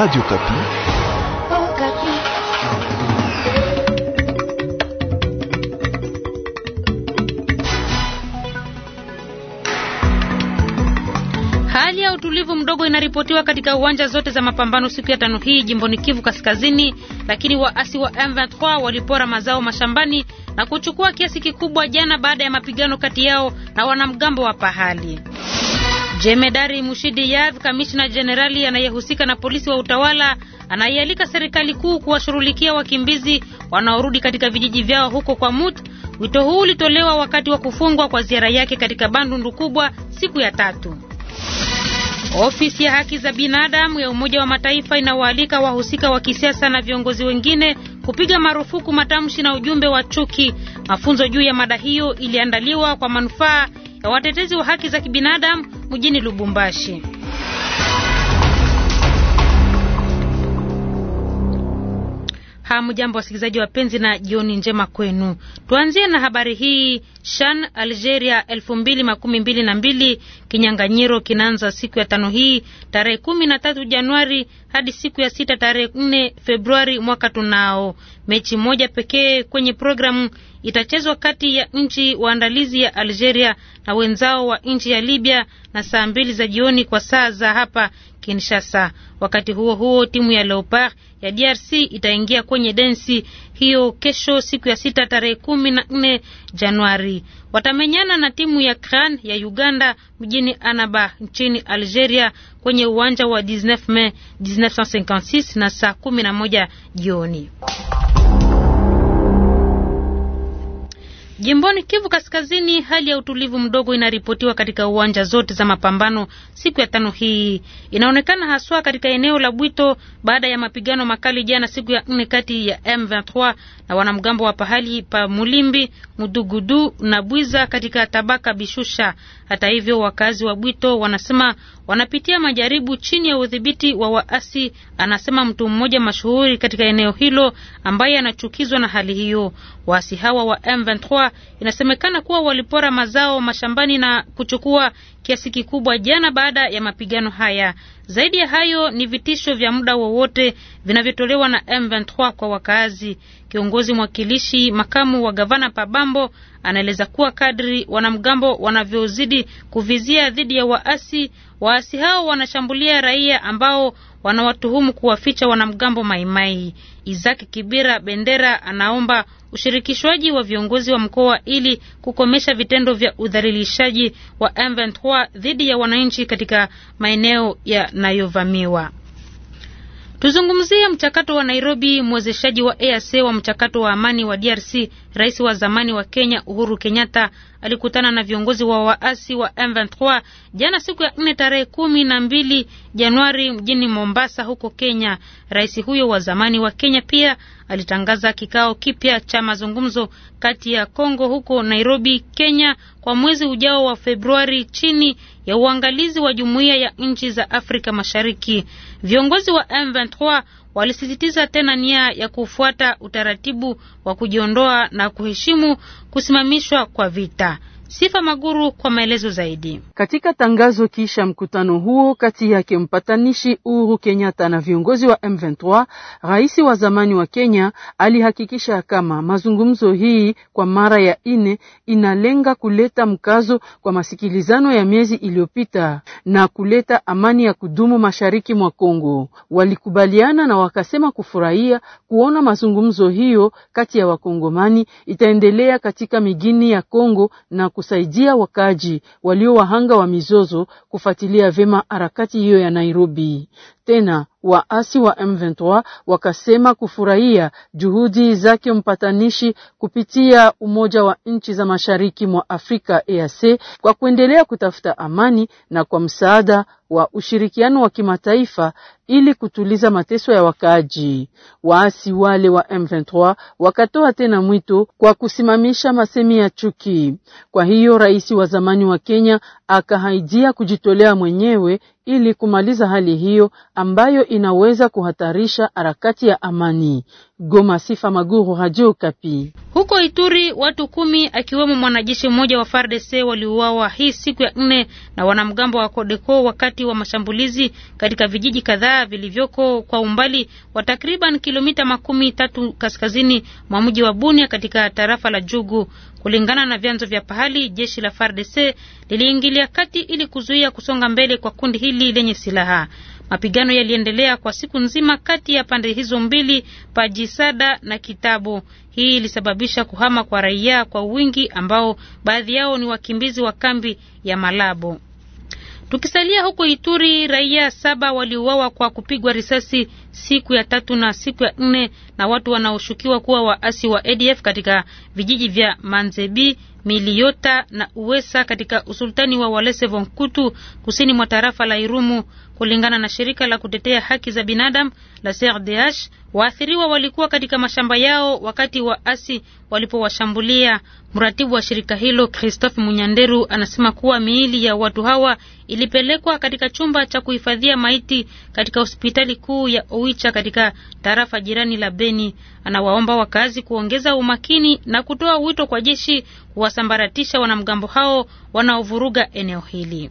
Radio Kapi. Oh, Kapi. Hali ya utulivu mdogo inaripotiwa katika uwanja zote za mapambano siku ya tano hii jimboni Kivu Kaskazini, lakini waasi wa M23 walipora mazao mashambani na kuchukua kiasi kikubwa jana baada ya mapigano kati yao na wanamgambo wa pahali. Jemedari Mushidi Yav, kamishna jenerali anayehusika na polisi wa utawala, anaialika serikali kuu kuwashughulikia wakimbizi wanaorudi katika vijiji vyao huko kwa Mut. Wito huu ulitolewa wakati wa kufungwa kwa ziara yake katika Bandundu kubwa siku ya tatu. Ofisi ya haki za binadamu ya Umoja wa Mataifa inawaalika wahusika wa kisiasa na viongozi wengine kupiga marufuku matamshi na ujumbe wa chuki. Mafunzo juu ya mada hiyo iliandaliwa kwa manufaa ya watetezi wa haki za kibinadamu mjini Lubumbashi. Hamjambo wasikilizaji wapenzi, na jioni njema kwenu. Tuanzie na habari hii. Shan Algeria elfu mbili makumi mbili na mbili kinyanganyiro kinaanza siku ya tano hii tarehe kumi na tatu Januari hadi siku ya sita tarehe nne Februari mwaka tunao mechi moja pekee kwenye programu itachezwa kati ya nchi waandalizi ya Algeria na wenzao wa nchi ya Libya na saa mbili za jioni kwa saa za hapa Kinshasa. Wakati huo huo, timu ya Leopard ya DRC itaingia kwenye densi hiyo kesho, siku ya sita tarehe kumi na nne Januari. Watamenyana na timu ya Kran ya Uganda mjini Anaba nchini Algeria kwenye uwanja wa 19 Mei 1956 na saa kumi na moja jioni. Jimboni Kivu Kaskazini, hali ya utulivu mdogo inaripotiwa katika uwanja zote za mapambano siku ya tano hii. Inaonekana haswa katika eneo la Bwito baada ya mapigano makali jana siku ya nne kati ya M23 na wanamgambo wa pahali pa Mulimbi, Mudugudu na Bwiza katika tabaka Bishusha. Hata hivyo, wakazi wa Bwito wanasema wanapitia majaribu chini ya udhibiti wa waasi, anasema mtu mmoja mashuhuri katika eneo hilo ambaye anachukizwa na hali hiyo. Waasi hawa wa M23 inasemekana kuwa walipora mazao mashambani na kuchukua kiasi kikubwa jana baada ya mapigano haya. Zaidi ya hayo ni vitisho vya muda wowote vinavyotolewa na M23 kwa wakaazi. Kiongozi mwakilishi makamu wa gavana Pabambo anaeleza kuwa kadri wanamgambo wanavyozidi kuvizia dhidi ya waasi, waasi hao wanashambulia raia ambao wanawatuhumu kuwaficha wanamgambo Maimai. Isaac Kibira Bendera anaomba ushirikishwaji wa viongozi wa mkoa ili kukomesha vitendo vya udhalilishaji wa M23 dhidi ya wananchi katika maeneo yanayovamiwa. Tuzungumzie mchakato wa Nairobi. Mwezeshaji wa EAC wa mchakato wa amani wa DRC, rais wa zamani wa Kenya Uhuru Kenyatta alikutana na viongozi wa waasi wa M23 jana siku ya nne tarehe kumi na mbili Januari mjini Mombasa huko Kenya. Rais huyo wa zamani wa Kenya pia alitangaza kikao kipya cha mazungumzo kati ya Kongo huko Nairobi, Kenya kwa mwezi ujao wa Februari chini ya uangalizi wa Jumuiya ya Nchi za Afrika Mashariki. Viongozi wa M23 walisisitiza tena nia ya kufuata utaratibu wa kujiondoa na kuheshimu kusimamishwa kwa vita. Sifa Maguru kwa maelezo zaidi. Katika tangazo kisha mkutano huo kati yake mpatanishi Uhuru Kenyatta na viongozi wa M23, rais wa zamani wa Kenya alihakikisha kama mazungumzo hii kwa mara ya nne inalenga kuleta mkazo kwa masikilizano ya miezi iliyopita na kuleta amani ya kudumu mashariki mwa Kongo. Walikubaliana na wakasema kufurahia kuona mazungumzo hiyo kati ya Wakongomani itaendelea katika migini ya Kongo na kusaidia wakaaji walio wahanga wa mizozo kufuatilia vyema harakati hiyo ya Nairobi. Tena Waasi wa M23 wakasema kufurahia juhudi zake mpatanishi kupitia Umoja wa Nchi za Mashariki mwa Afrika EAC kwa kuendelea kutafuta amani na kwa msaada wa ushirikiano wa kimataifa ili kutuliza mateso ya wakaaji. Waasi wale wa M23 wakatoa tena mwito kwa kusimamisha masemi ya chuki. Kwa hiyo rais wa zamani wa Kenya akahaijia kujitolea mwenyewe ili kumaliza hali hiyo ambayo inaweza kuhatarisha harakati ya amani. Goma, Sifa Maguru, Radio Kapi. Huko Ituri watu kumi akiwemo mwanajeshi mmoja wa FARDC waliuawa hii siku ya nne na wanamgambo wa Codeco wakati wa mashambulizi katika vijiji kadhaa vilivyoko kwa umbali wa takriban kilomita makumi tatu kaskazini mwa mji wa Bunia katika tarafa la Jugu. Kulingana na vyanzo vya pahali, jeshi la FARDC liliingilia kati ili kuzuia kusonga mbele kwa kundi hili lenye silaha. Mapigano yaliendelea kwa siku nzima kati ya pande hizo mbili, Pajisada na Kitabu. Hii ilisababisha kuhama kwa raia kwa wingi, ambao baadhi yao ni wakimbizi wa kambi ya Malabo. Tukisalia huko Ituri, raia saba waliuawa kwa kupigwa risasi siku ya tatu na siku ya nne na watu wanaoshukiwa kuwa waasi wa ADF katika vijiji vya Manzebi Miliota na Uwesa katika usultani wa Walese Vonkutu kusini mwa tarafa la Irumu. Kulingana na shirika la kutetea haki za binadamu la CRDH, waathiriwa walikuwa katika mashamba yao wakati waasi walipowashambulia. Mratibu wa shirika hilo Christophe Munyanderu anasema kuwa miili ya watu hawa ilipelekwa katika chumba cha kuhifadhia maiti katika hospitali kuu ya Oicha katika tarafa jirani la Beni. Anawaomba wakazi kuongeza umakini na kutoa wito kwa jeshi wa kuwasambaratisha wanamgambo hao wanaovuruga eneo hili.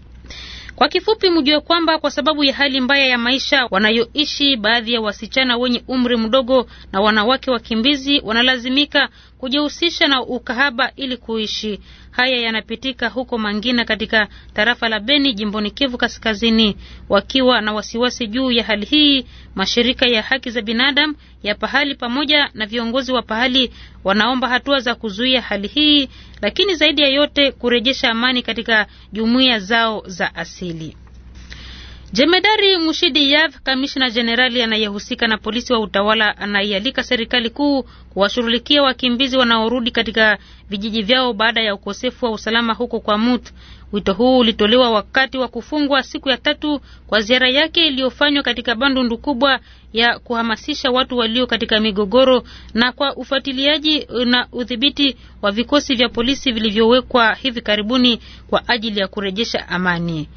Kwa kifupi, mjue kwamba kwa sababu ya hali mbaya ya maisha wanayoishi, baadhi ya wasichana wenye umri mdogo na wanawake wakimbizi wanalazimika kujihusisha na ukahaba ili kuishi. Haya yanapitika huko Mangina katika tarafa la Beni jimboni Kivu Kaskazini. Wakiwa na wasiwasi juu ya hali hii, mashirika ya haki za binadamu ya pahali pamoja na viongozi wa pahali wanaomba hatua za kuzuia hali hii, lakini zaidi ya yote kurejesha amani katika jumuiya zao za asili. Jemedari Mushidi Yav, kamishna jenerali anayehusika na polisi wa utawala, anaialika serikali kuu kuwashughulikia wakimbizi wanaorudi katika vijiji vyao baada ya ukosefu wa usalama huko kwa Mut. Wito huu ulitolewa wakati wa kufungwa siku ya tatu kwa ziara yake iliyofanywa katika Bandundu kubwa ya kuhamasisha watu walio katika migogoro na kwa ufuatiliaji eh, na udhibiti wa vikosi vya polisi vilivyowekwa hivi karibuni kwa ajili ya kurejesha amani.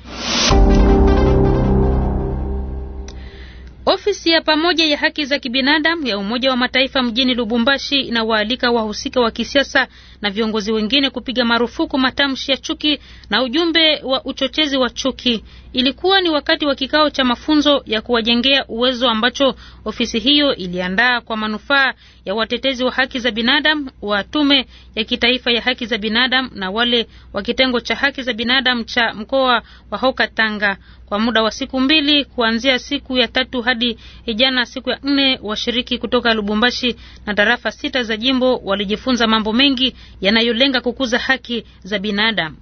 Ofisi ya pamoja ya haki za kibinadamu ya Umoja wa Mataifa mjini Lubumbashi inawaalika wahusika wa kisiasa na viongozi wengine kupiga marufuku matamshi ya chuki na ujumbe wa uchochezi wa chuki. Ilikuwa ni wakati wa kikao cha mafunzo ya kuwajengea uwezo ambacho ofisi hiyo iliandaa kwa manufaa ya watetezi wa haki za binadamu wa Tume ya Kitaifa ya Haki za Binadamu na wale wa kitengo cha haki za binadamu cha mkoa wa Hoka Tanga kwa muda wa siku mbili kuanzia siku ya tatu hadi jana siku ya nne. Washiriki kutoka Lubumbashi na tarafa sita za jimbo walijifunza mambo mengi yanayolenga kukuza haki za binadamu.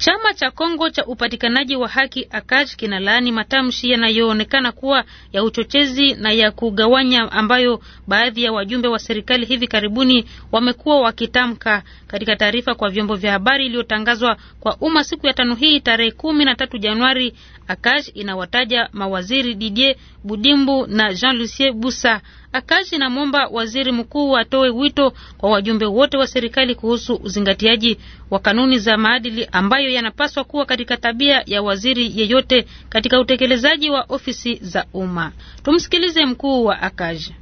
Chama cha Kongo cha upatikanaji wa haki kina kinalaani matamshi yanayoonekana kuwa ya uchochezi na ya kugawanya ambayo baadhi ya wajumbe wa serikali hivi karibuni wamekuwa wakitamka. Katika taarifa kwa vyombo vya habari iliyotangazwa kwa umma siku ya tano hii tarehe kumi na tatu Januari, ACAJ inawataja mawaziri Didier Budimbu na Jean Lucien Busa. Akaji na mwomba waziri mkuu atoe wito kwa wajumbe wote wa serikali kuhusu uzingatiaji wa kanuni za maadili ambayo yanapaswa kuwa katika tabia ya waziri yeyote katika utekelezaji wa ofisi za umma. Tumsikilize mkuu wa Akaji.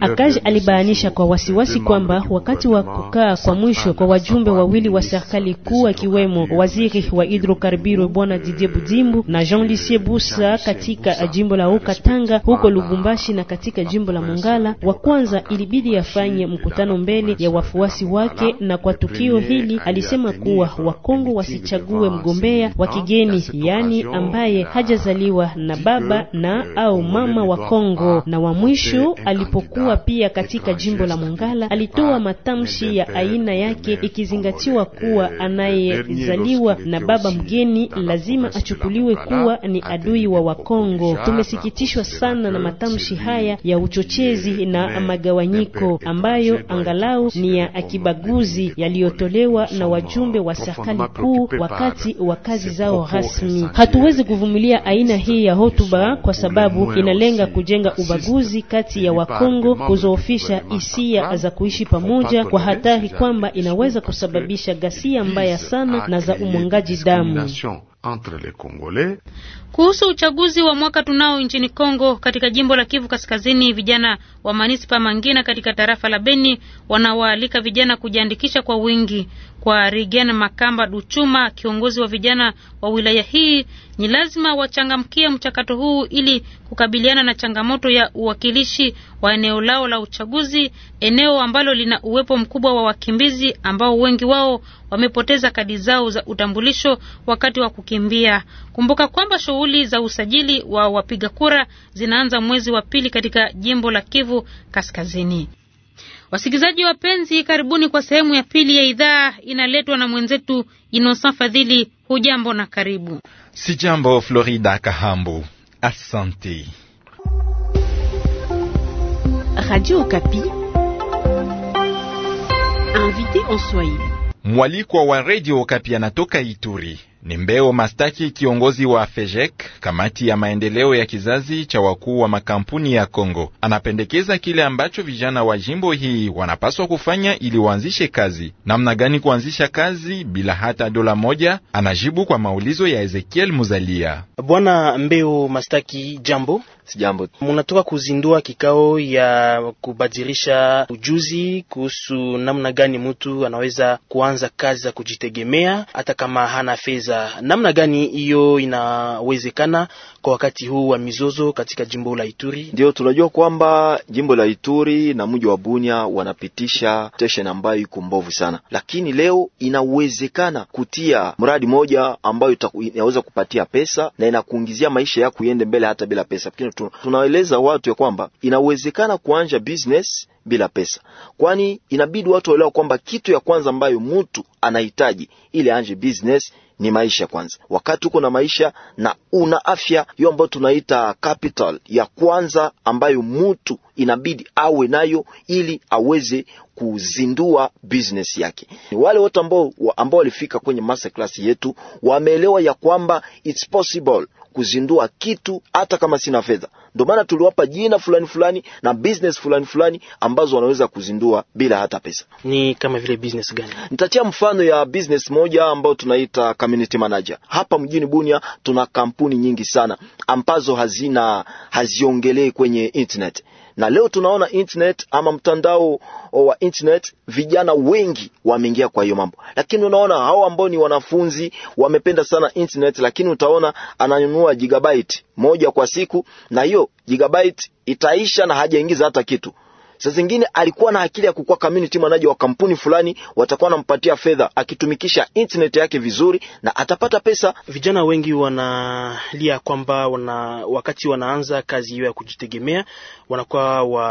Akaji alibainisha kwa wasiwasi kwamba wakati wa kukaa kwa mwisho kwa wajumbe wawili wa serikali kuu akiwemo waziri wa hidrokarbiro bwana Didier Budimbu na Jean Lucien Busa katika jimbo la Ukatanga huko Lubumbashi na katika jimbo la Mongala. Wa kwanza ilibidi afanye mkutano mbele ya wafuasi wake, na kwa tukio hili alisema kuwa Wakongo eh, wasichague mgombea wa kigeni, yaani ambaye hajazaliwa na baba na au mama wa Kongo. Na wa mwisho alipokuwa pia katika jimbo la Mongala alitoa matamshi ya aina yake, ikizingatiwa kuwa anayezaliwa na baba mgeni lazima achukuliwe kuwa ni adui wa wa Kongo. Tumesikitishwa sana na matamshi haya ya uchochezi na magawanyiko ambayo angalau ni ya akibaguzi yaliyotolewa na wajumbe wa serikali kuu wakati wa kazi zao rasmi. Hatuwezi kuvumilia aina hii ya hotuba kwa sababu inalenga kujenga ubaguzi kati ya Wakongo, kuzoofisha hisia za kuishi pamoja kwa hatari kwamba inaweza kusababisha ghasia mbaya sana na za umwangaji damu entre les Congolais. Kuhusu uchaguzi wa mwaka tunao nchini Kongo katika jimbo la Kivu Kaskazini, vijana wa manispa Mangina katika tarafa la Beni wanawaalika vijana kujiandikisha kwa wingi. Kwa Rigen Makamba Duchuma, kiongozi wa vijana wa wilaya hii, ni lazima wachangamkie mchakato huu ili kukabiliana na changamoto ya uwakilishi wa eneo lao la uchaguzi, eneo ambalo lina uwepo mkubwa wa wakimbizi ambao wengi wao wamepoteza kadi zao za utambulisho wakati wa kukimbia. Kumbuka kwamba shughuli za usajili wa wapiga kura zinaanza mwezi wa pili katika jimbo la Kivu Kaskazini. Wasikilizaji wapenzi, karibuni kwa sehemu ya pili ya idhaa, inaletwa na mwenzetu Inosa Fadhili. Hujambo na karibu. Si jambo, Florida Kahambu, asante. Radio Okapi invité en Swahili. Mwalikwa wa Radio Okapi anatoka Ituri ni Mbeo Mastaki, kiongozi wa FEJEK, kamati ya maendeleo ya kizazi cha wakuu wa makampuni ya Kongo, anapendekeza kile ambacho vijana wa jimbo hii wanapaswa kufanya ili waanzishe kazi. Namna gani kuanzisha kazi bila hata dola moja? Anajibu kwa maulizo ya Ezekiel Muzalia. Bwana Mbeo Mastaki, jambo. Sijambo. Munatoka kuzindua kikao ya kubadilisha ujuzi kuhusu namna gani mtu anaweza kuanza kazi za kujitegemea hata kama hana fedha kuuliza namna gani hiyo inawezekana kwa wakati huu wa mizozo katika jimbo la Ituri. Ndio tunajua kwamba jimbo la Ituri na mji wa Bunia wanapitisha tension ambayo iko mbovu sana, lakini leo inawezekana kutia mradi moja ambayo inaweza kupatia pesa na inakuingizia maisha yako iende mbele hata bila pesa. Lakini tunaeleza watu ya kwamba inawezekana kuanja business bila pesa, kwani inabidi watu waelewa kwamba kitu ya kwanza ambayo mtu anahitaji ili anje business ni maisha kwanza. Wakati uko na maisha na una afya, hiyo ambayo tunaita capital ya kwanza ambayo mtu inabidi awe nayo ili aweze kuzindua business yake. Wale wote ambao ambao walifika kwenye master class yetu wameelewa ya kwamba it's possible kuzindua kitu hata kama sina fedha. Ndio maana tuliwapa jina fulani fulani na business fulani fulani ambazo wanaweza kuzindua bila hata pesa. Ni kama vile business gani? Nitatia mfano ya business moja ambayo tunaita community manager. Hapa mjini Bunia tuna kampuni nyingi sana ambazo hazina haziongelei kwenye internet na leo tunaona internet ama mtandao wa internet, vijana wengi wameingia kwa hiyo mambo, lakini unaona hao ambao ni wanafunzi wamependa sana internet, lakini utaona ananunua gigabyte moja kwa siku, na hiyo hiyo gigabyte itaisha na hajaingiza hata kitu. Saa zingine alikuwa na akili ya kukua community manager wa kampuni fulani, watakuwa wanampatia fedha akitumikisha internet yake vizuri na atapata pesa. Vijana wengi wanalia kwamba wana, wakati wanaanza kazi hiyo ya kujitegemea wanakuwa wa,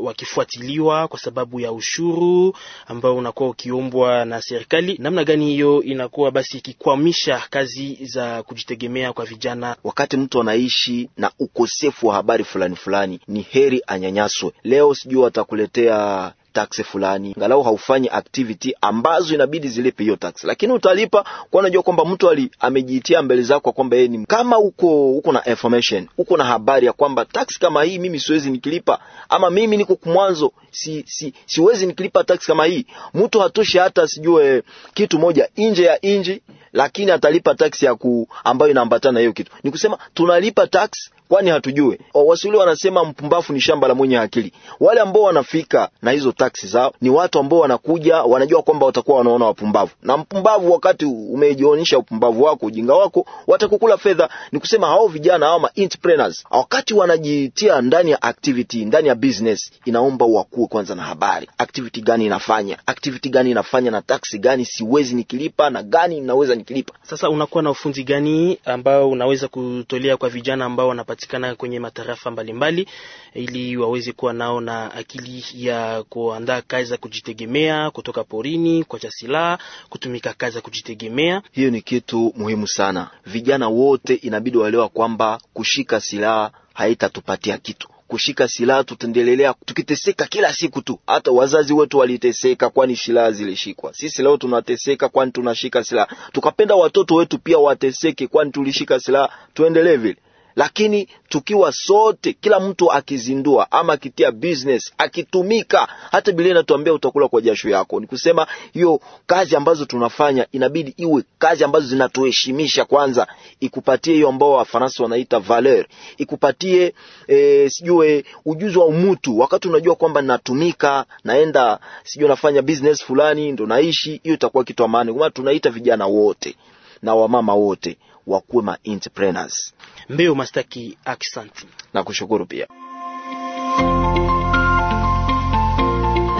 wakifuatiliwa kwa sababu ya ushuru ambao unakuwa ukiombwa na serikali. Namna gani hiyo inakuwa basi ikikwamisha kazi za kujitegemea kwa vijana? Wakati mtu anaishi na ukosefu wa habari fulani fulani, ni heri anyanyaswe. Leo sijui watakuletea taksi fulani, angalau haufanyi activity ambazo inabidi zilipe hiyo tax lakini utalipa kwa unajua kwamba mtu ali amejiitia mbele zako kwamba yeye ni kama uko uko na information, uko na habari ya kwamba tax kama hii mimi siwezi nikilipa, ama mimi niko kumwanzo si, si, siwezi nikilipa tax kama hii. Mtu hatoshi hata sijue kitu moja nje ya nje lakini atalipa tax ya ku, ambayo inaambatana na hiyo kitu. Ni kusema tunalipa tax kwani hatujue? Oh, Waswahili wanasema mpumbafu ni shamba la mwenye akili. Wale ambao wanafika na hizo taksi zao ni watu ambao wanakuja, wanajua kwamba watakuwa wanaona wapumbavu, na mpumbavu, wakati umejionyesha upumbavu wako, ujinga wako, watakukula fedha. Ni kusema hao vijana hao entrepreneurs, wakati wanajitia ndani ya activity, ndani ya business, inaomba wakuwe kwanza na habari, activity gani inafanya, activity gani inafanya, na taksi gani siwezi nikilipa, na gani naweza nikilipa. Sasa unakuwa na ufunzi gani ambao unaweza kutolea kwa vijana ambao wanapata wanapatikana kwenye matarafa mbalimbali ili waweze kuwa nao na akili ya kuandaa kazi za kujitegemea kutoka porini, kuacha silaha, kutumika kazi za kujitegemea. Hiyo ni kitu muhimu sana. Vijana wote inabidi waelewa kwamba kushika silaha haitatupatia kitu kushika silaha tutaendelea tukiteseka kila siku tu. Hata wazazi wetu waliteseka, kwani silaha zilishikwa. Sisi leo tunateseka, kwani tunashika silaha. Tukapenda watoto wetu pia wateseke, kwani tulishika silaha. Tuendelee vile lakini tukiwa sote, kila mtu akizindua ama akitia business, akitumika, hata Biblia inatuambia utakula kwa jasho yako. Ni kusema hiyo kazi ambazo tunafanya inabidi iwe kazi ambazo zinatuheshimisha kwanza, ikupatie hiyo ambao Wafaransa wanaita valeur, ikupatie e, sijue ujuzi wa umutu, wakati unajua kwamba natumika, naenda sijue nafanya business fulani, ndo naishi, hiyo itakuwa kitu amani. Kwa maana tunaita vijana wote na wamama wote wakuwe ma entrepreneurs. Mbeo mastaki, aksanti na kushukuru pia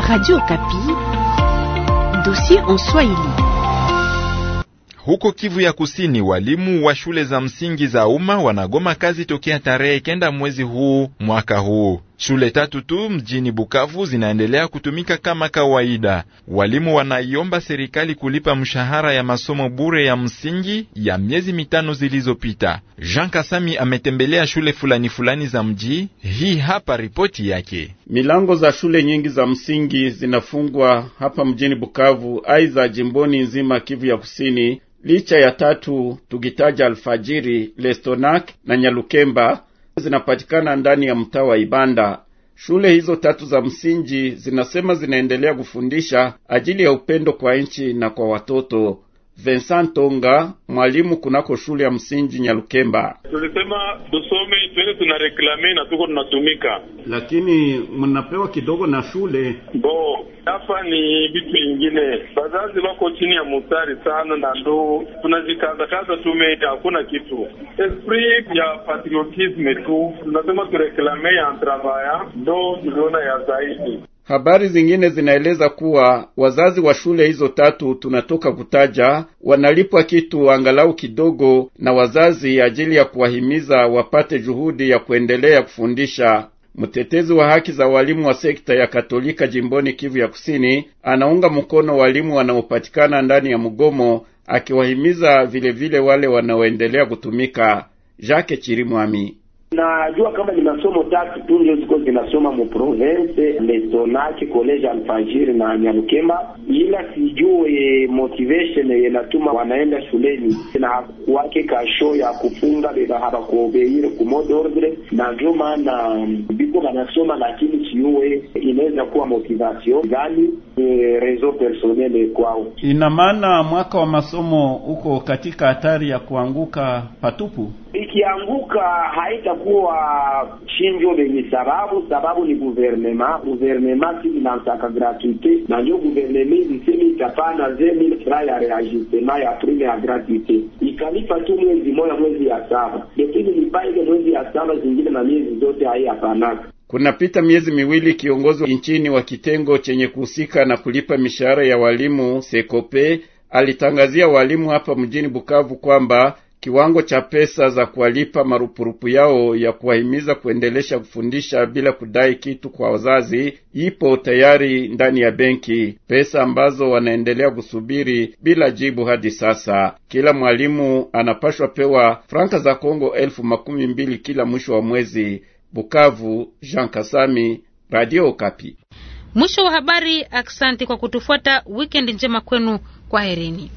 Radio Kapi, dossier en Swahili. Huko Kivu ya Kusini, walimu wa shule za msingi za umma wanagoma kazi tokea tarehe kenda mwezi huu mwaka huu. Shule tatu tu mjini Bukavu zinaendelea kutumika kama kawaida. Walimu wanaiomba serikali kulipa mshahara ya masomo bure ya msingi ya miezi mitano zilizopita. Jean Kasami ametembelea shule fulani fulani za mji. Hii hapa ripoti yake. Milango za shule nyingi za msingi zinafungwa hapa mjini Bukavu, aidha jimboni nzima Kivu ya Kusini, licha ya tatu tukitaja Alfajiri, Lestonak na Nyalukemba zinapatikana ndani ya mtaa wa Ibanda. Shule hizo tatu za msingi zinasema zinaendelea kufundisha ajili ya upendo kwa nchi na kwa watoto. Vincent Tonga, mwalimu kunako shule ya msingi Nyalukemba: tulisema tusome tuene tunareklame na tuko tunatumika, lakini mnapewa kidogo na shule bo. Hapa ni vitu ingine, bazazi wako chini ya mustari sana, na ndo tunajikazakaza, tume hakuna kitu esprit ya patriotisme tu, tunasema tureklame ya travaya ndo tuliona ya zaidi Habari zingine zinaeleza kuwa wazazi wa shule hizo tatu tunatoka kutaja wanalipwa kitu angalau kidogo na wazazi ajili ya kuwahimiza wapate juhudi ya kuendelea kufundisha. Mtetezi wa haki za walimu wa sekta ya Katolika jimboni Kivu ya Kusini anaunga mkono walimu wanaopatikana ndani ya mgomo, akiwahimiza vilevile vile wale wanaoendelea kutumika. Jacques Chirimwami Najua kama ni masomo tatu tu ndio ziko zinasoma mu province lesonake college alfajiri na Nyalukemba, ila sijue motivation yenatuma wanaenda shuleni na hakuwake kasho ya kufunga beba kuobeire kumode ordre, na ndio maana biko banasoma, lakini sijue inaweza kuwa motivation gani e, reseau personnel kwao. Ina maana mwaka wa masomo uko katika hatari ya kuanguka patupu ikianguka haitakuwa chinjo lenye sababu. Sababu ni guvernema, guvernema si inansaka gratuite, na ndio guvernema ilisema itapana zemi fra ya reajustema ya prime ya gratuite, ikalipa tu mwezi moya, mwezi ya saba, lakini lipaile mwezi ya saba zingine na miezi zote haiyapanaka. Kunapita miezi miwili kiongozi nchini wa kitengo chenye kuhusika na kulipa mishahara ya walimu Sekope alitangazia walimu hapa mjini Bukavu kwamba kiwango cha pesa za kuwalipa marupurupu yao ya kuwahimiza kuendelesha kufundisha bila kudai kitu kwa wazazi ipo tayari ndani ya benki, pesa ambazo wanaendelea kusubiri bila jibu hadi sasa. Kila mwalimu anapashwa pewa franka za Kongo elfu makumi mbili kila mwisho wa mwezi. Bukavu, Jean Kasami, Radio Okapi. Mwisho wa habari. Aksanti kwa kutufuata. Wikendi njema kwenu, kwaherini.